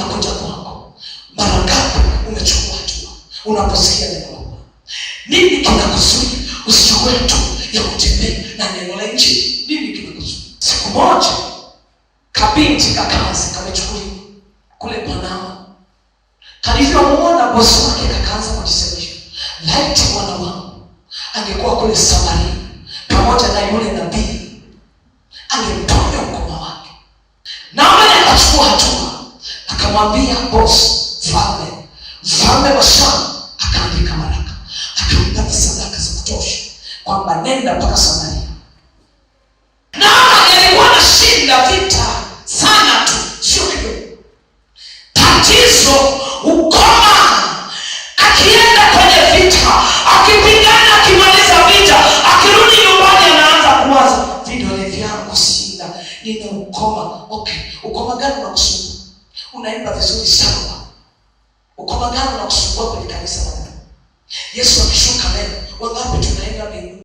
inakuja kwako. Mara ngapi umechukua hatua unaposikia neno la Bwana? Nini kinakuzuia usichukue tu ya kutembea na neno la nchi? Nini kinakuzuia? Siku moja kabinti kakazi kamechukuliwa kule kwanama kalivyomwona bosi wake kakaanza kujisemesha, laiti mwana wangu angekuwa kule Samaria pamoja na yule nabii angempa akamwambia bos mfalme, mfalme wa Shamu akaandika maraka akaitaka sadaka za kutosha kwamba nenda mpaka Samaria. Naama yalikuwa na shinda vita sana tu, sio kidogo. Tatizo ukoma, akienda kwenye vita, akipigana, akimaliza vita, akirudi nyumbani, anaanza kuwaza vidole vyangu sina, nina ukoma. Okay, ukoma gani unakusumbua? unaimba vizuri sawa, uko na kusumbua kwenye kanisa. Yesu akishuka leo, wangapi tunaenda mbinguni?